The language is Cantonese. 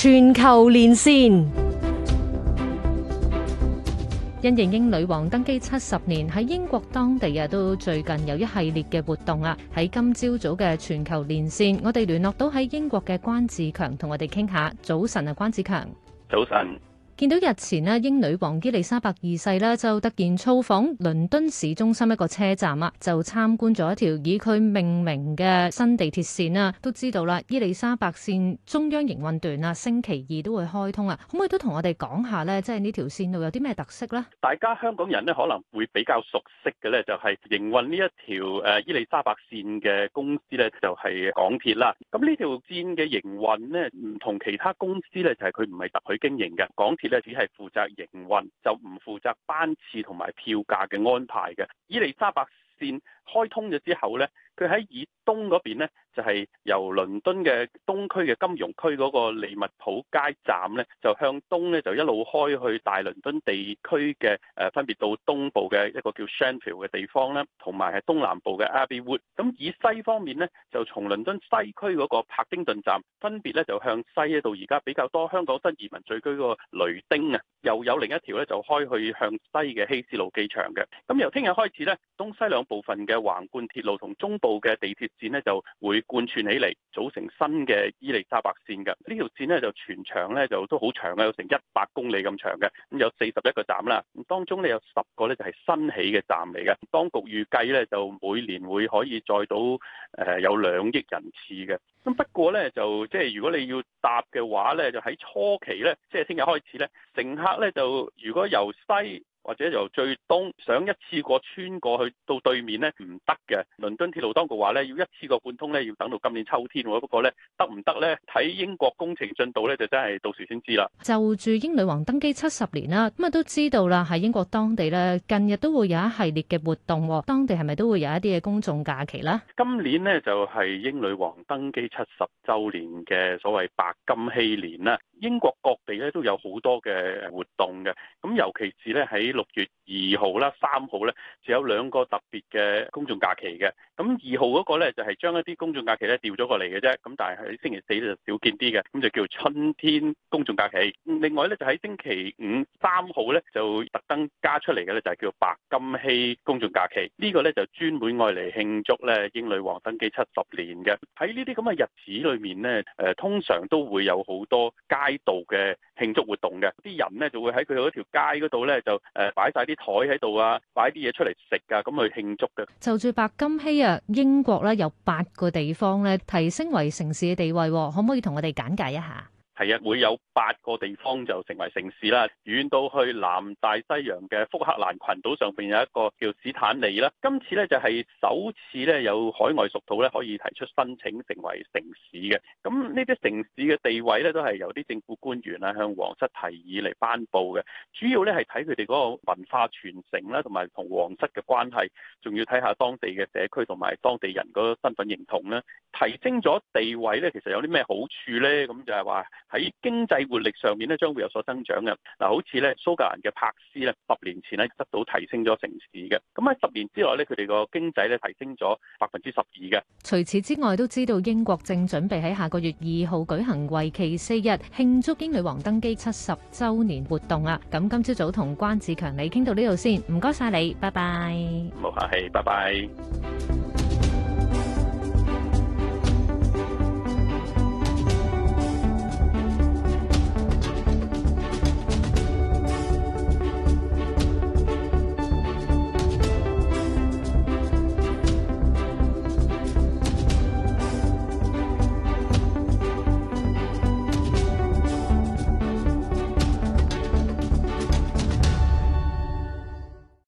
全球連線，因應英女王登基七十年，喺英國當地啊都最近有一系列嘅活動啊。喺今朝早嘅全球連線，我哋聯絡到喺英國嘅關志強，同我哋傾下。早晨啊，關志強。早晨。見到日前咧，英女王伊利沙伯二世咧就突然操訪倫敦市中心一個車站啊，就參觀咗一條以佢命名嘅新地鐵線啦。都知道啦，伊利沙伯線中央營運段啊，星期二都會開通啊。可唔可以都同我哋講下咧，即係呢條線路有啲咩特色咧？大家香港人咧可能會比較熟悉嘅咧，就係營運呢一條誒伊利沙伯線嘅公司咧，就係港鐵啦。咁呢條線嘅營運咧，唔同其他公司咧，就係佢唔係特許經營嘅港鐵。只係負責營運，就唔負責班次同埋票價嘅安排嘅。伊利沙伯線。開通咗之後呢，佢喺以東嗰邊呢就係、是，由倫敦嘅東區嘅金融區嗰個利物浦街站呢，就向東呢就一路開去大倫敦地區嘅誒，分別到東部嘅一個叫 Shenfield 嘅地方啦，同埋係東南部嘅 Abbey Wood。咁以西方面呢，就從倫敦西區嗰個帕丁頓站，分別呢就向西呢到而家比較多香港新移民聚居嗰個雷丁啊，又有另一條呢就開去向西嘅希斯路機場嘅。咁由聽日開始呢，東西兩部分嘅。橫貫鐵路同中部嘅地鐵線呢，就會貫穿起嚟，組成新嘅伊利沙伯線嘅。呢條線呢，就全長咧就都好長啊，有成一百公里咁長嘅。咁有四十一個站啦，咁當中呢，有十個咧就係新起嘅站嚟嘅。當局預計咧就每年會可以載到誒有兩億人次嘅。咁不過咧就即係如果你要搭嘅話咧，就喺初期咧，即係聽日開始咧，乘客咧就如果由西。或者由最東想一次過穿過去到對面呢，唔得嘅。倫敦鐵路當局話咧要一次過貫通咧要等到今年秋天喎。不過咧得唔得咧睇英國工程進度咧就真係到時先知啦。就住英女王登基七十年啦，咁啊都知道啦，喺英國當地咧近日都會有一系列嘅活動喎，當地係咪都會有一啲嘅公眾假期啦？今年呢，就係英女王登基七十週年嘅所謂白金禧年啦，英國各地咧都有好多嘅活動嘅，咁尤其是咧喺六月二號啦、三號咧，就有兩個特別嘅公眾假期嘅。咁二號嗰個咧就係將一啲公眾假期咧調咗過嚟嘅啫。咁但係喺星期四咧就少見啲嘅，咁就叫做春天公眾假期。另外咧就喺星期五三號咧就特登加出嚟嘅咧，就係叫白金禧公眾假期。呢個咧就專門愛嚟慶祝咧英女王登基七十年嘅。喺呢啲咁嘅日子裏面咧，誒通常都會有好多街道嘅慶祝活動嘅。啲人咧就會喺佢嗰條街嗰度咧就誒。擺晒啲枱喺度啊，擺啲嘢出嚟食啊，咁去慶祝㗎。就住白金禧啊，英國咧有八個地方咧提升為城市嘅地位，可唔可以同我哋簡介一下？係啊，會有八個地方就成為城市啦。遠到去南大西洋嘅福克蘭群島上面，有一個叫史坦利啦。今次咧就係首次咧有海外屬土咧可以提出申請成為城市嘅。咁呢啲城市嘅地位咧都係由啲政府官員啊向皇室提議嚟頒布嘅。主要咧係睇佢哋嗰個文化傳承啦，同埋同皇室嘅關係，仲要睇下當地嘅社區同埋當地人嗰身份認同咧。提升咗地位咧，其實有啲咩好處咧？咁就係話，喺經濟活力上面咧，將會有所增長嘅嗱。好似咧，蘇格蘭嘅柏斯咧，十年前咧得到提升咗城市嘅，咁喺十年之內咧，佢哋個經濟咧提升咗百分之十二嘅。除此之外，都知道英國正準備喺下個月二號舉行，為期四日慶祝英女王登基七十週年活動啊。咁今朝早同關志強你傾到呢度先，唔該晒你，拜拜。冇客氣，拜拜。